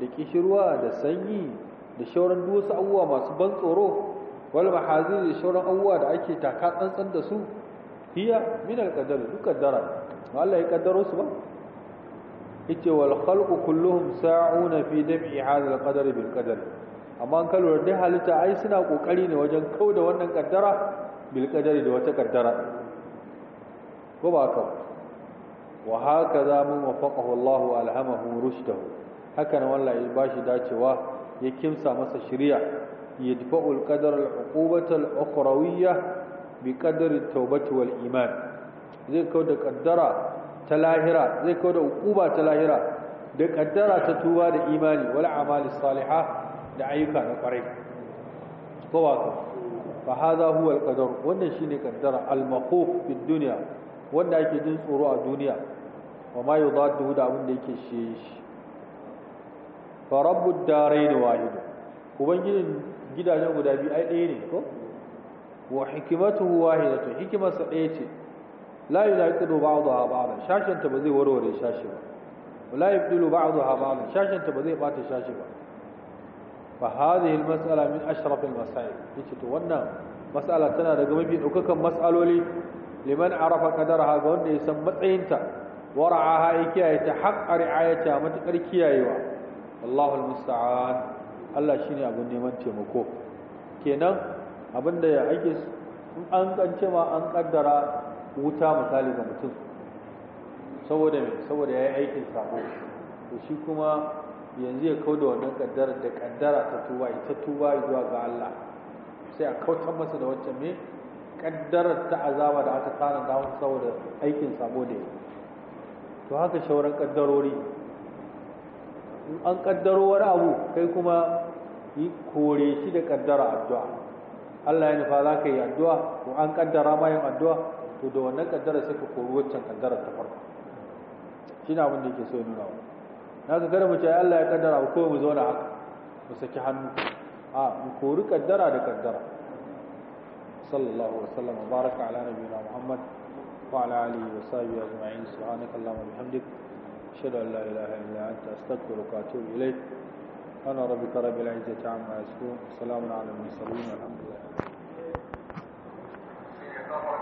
da kishirwa da sanyi da shauran duk wasu abubuwa masu ban tsoro wal mahazi da shauran abubuwa da ake taka tsantsan da su hiya min alqadar duk kaddara ba Allah ya kaddaro su ba yace wal khalqu kulluhum sa'una fi dam'i hadha alqadar bil qadar amma an kalwar dai halitta ai suna kokari ne wajen kauda wannan kaddara bil qadari da wata kaddara ko ba ka wa hakaza mun wafaqahu Allah alhamahu rushdahu hakan wallahi bashi dacewa ya kimsa masa shirya ya dufa al-uqubata al bi qadri taubatu wal iman zai kawo da kaddara ta lahira zai kawo da uquba ta lahira da kaddara ta tuba da imani wal amali Saliha da ayyuka na kwarai ko ba ka fa haza huwa al wannan shine kaddara al-maquf fi dunya wanda ake jin tsoro a duniya wa ma yudaddu da abin da yake shi fa rabbud da. wahid ubangijin gidajen guda biyu ai ɗaya ne ko wa hikimatuhu to hikimarsa ɗaya ce la yunaqidu ba'daha ba'dan shashin ta ba zai warware shashi ba wala yabdulu ba'daha ba'dan shashin ta ba zai bata shashi ba fa hadhihi al matsala min ashraf masai ya ce to wannan mas'ala tana daga mafi ɗaukakan matsaloli, liman arafa ha ga wanda ya san matsayinta wara'aha ya kiyaye ta haƙƙa ri'ayata matuƙar kiyayewa al musta'an Allah shine abin neman taimako kenan abinda ya ake in an kance ma an kaddara wuta misali ga mutum saboda me saboda yayi aikin sako to shi kuma yanzu ya kauda wannan kaddara da kaddara ta tuba ita tuba zuwa ga Allah sai a kautar masa da wacce me kaddarar ta azaba da aka tsara da saboda aikin sabo da to haka shauran kaddarori in an kaddaro wani abu kai kuma yi kore shi da kaddara addu'a Allah ya nufa za ka yi addu'a ko an kaddara ma yin addu'a to da wannan kaddara sai ka kori waccan kaddara ta farko shi na abin da yake so ya nuna wa na ka gara mu Allah ya kaddara ko mu zauna haka mu saki hannu a mu kori kaddara da kaddara sallallahu alaihi wasallam baraka ala nabiyina muhammad wa ala alihi wa sahbihi ajma'in subhanakallahumma wa bihamdika أشهد أن لا إله إلا أنت أستغفرك وأتوب إليك أنا ربك رب العزة عما يصفون سلام على المرسلين والحمد لله